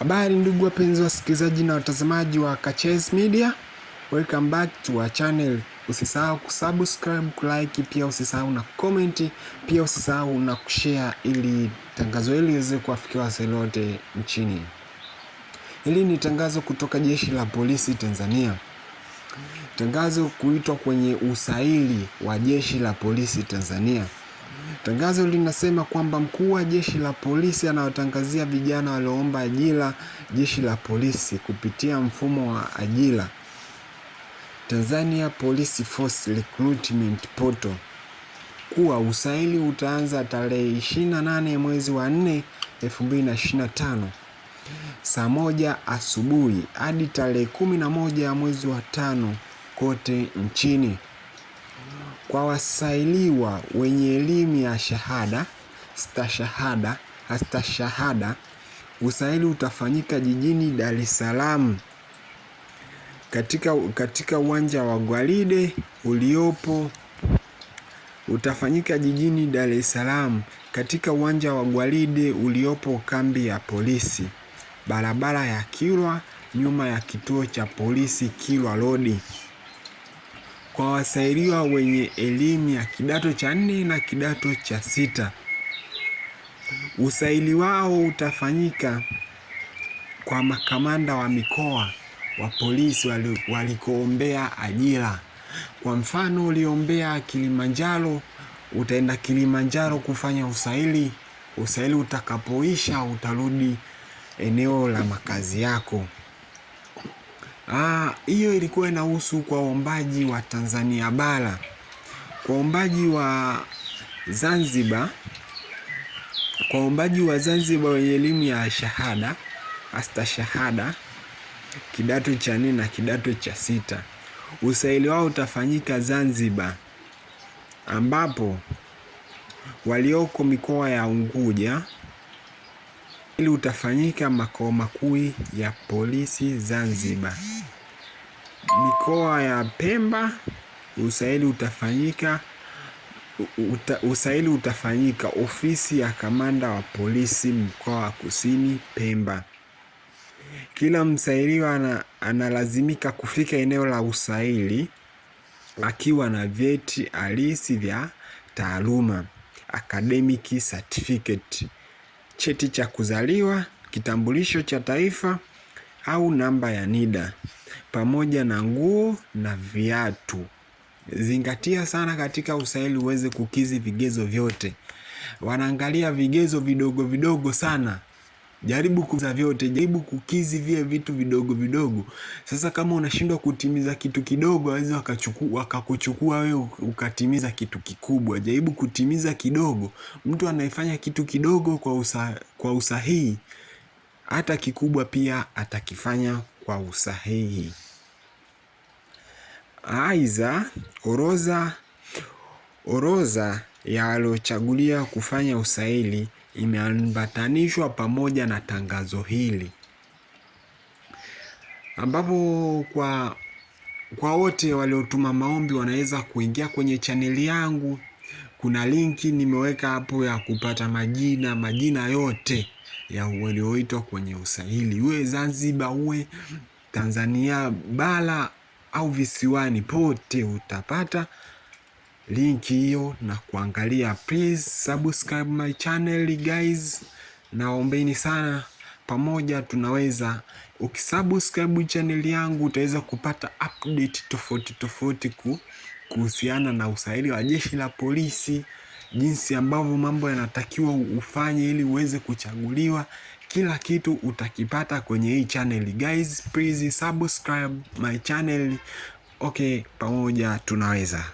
Habari ndugu wapenzi wasikilizaji na watazamaji wa Kachezi Media. Welcome back to our channel. Usisahau kusubscribe, kulike, pia usisahau na comment, pia usisahau na kushare ili tangazo hili liweze kuwafikia wasanii wote nchini. Hili ni tangazo kutoka Jeshi la Polisi Tanzania. Tangazo kuitwa kwenye usaili wa Jeshi la Polisi Tanzania. Tangazo linasema kwamba mkuu wa jeshi la polisi anawatangazia vijana walioomba ajira jeshi la polisi kupitia mfumo wa ajira Tanzania Police Force Recruitment Portal kuwa usaili utaanza tarehe 28 mwezi wa 4 2025 saa moja asubuhi hadi tarehe 11 mwezi wa tano kote nchini kwa wasailiwa wenye elimu ya shahada, stashahada, astashahada. Usaili utafanyika jijini Dar es Salaam katika, katika uwanja wa Gwaride uliopo utafanyika jijini Dar es Salaam katika uwanja wa Gwaride uliopo kambi ya polisi barabara ya Kilwa nyuma ya kituo cha polisi Kilwa Road kwa wasailiwa wenye elimu ya kidato cha nne na kidato cha sita. Usaili wao utafanyika kwa makamanda wa mikoa wa polisi walikoombea ajira. Kwa mfano, uliombea Kilimanjaro, utaenda Kilimanjaro kufanya usaili. Usaili utakapoisha utarudi eneo la makazi yako. Ah, hiyo ilikuwa inahusu kwa waombaji wa Tanzania bara. Kwa waombaji wa Zanzibar, kwa waombaji wa Zanzibar wenye elimu ya shahada, astashahada, kidato cha nne na kidato cha sita, usaili wao utafanyika Zanzibar, ambapo walioko mikoa ya Unguja ili utafanyika makao makuu ya polisi Zanzibar mikoa ya Pemba usaili utafanyika uta, usaili utafanyika ofisi ya kamanda wa polisi mkoa wa Kusini Pemba. Kila msailiwa ana, analazimika kufika eneo la usaili akiwa na vyeti halisi vya taaluma academic certificate, cheti cha kuzaliwa, kitambulisho cha taifa au namba ya NIDA pamoja na nguo na viatu. Zingatia sana katika usaili uweze kukizi vigezo vyote. Wanaangalia vigezo vidogo vidogo sana. Jaribu kuza vyote, jaribu kukizi vile vitu vidogo vidogo. Sasa kama unashindwa kutimiza kitu kidogo, waweze wakachukua wakakuchukua wewe ukatimiza kitu kikubwa. Jaribu kutimiza kidogo. Mtu anayefanya kitu kidogo kwa usa, kwa usahihi hata kikubwa pia atakifanya kwa usahihi. Aidha, orodha orodha ya waliochaguliwa kufanya usaili imeambatanishwa pamoja na tangazo hili, ambapo kwa kwa wote waliotuma maombi wanaweza kuingia kwenye chaneli yangu kuna linki nimeweka hapo ya kupata majina, majina yote ya walioitwa kwenye usaili, uwe Zanzibar, uwe Tanzania bara au visiwani, pote utapata linki hiyo na kuangalia. Please subscribe my channel guys, naombeni sana, pamoja tunaweza. Ukisubscribe chaneli yangu utaweza kupata update tofauti tofauti ku kuhusiana na usaili wa jeshi la polisi, jinsi ambavyo mambo yanatakiwa ufanye ili uweze kuchaguliwa. Kila kitu utakipata kwenye hii channel guys, please subscribe my channel. Okay, pamoja tunaweza.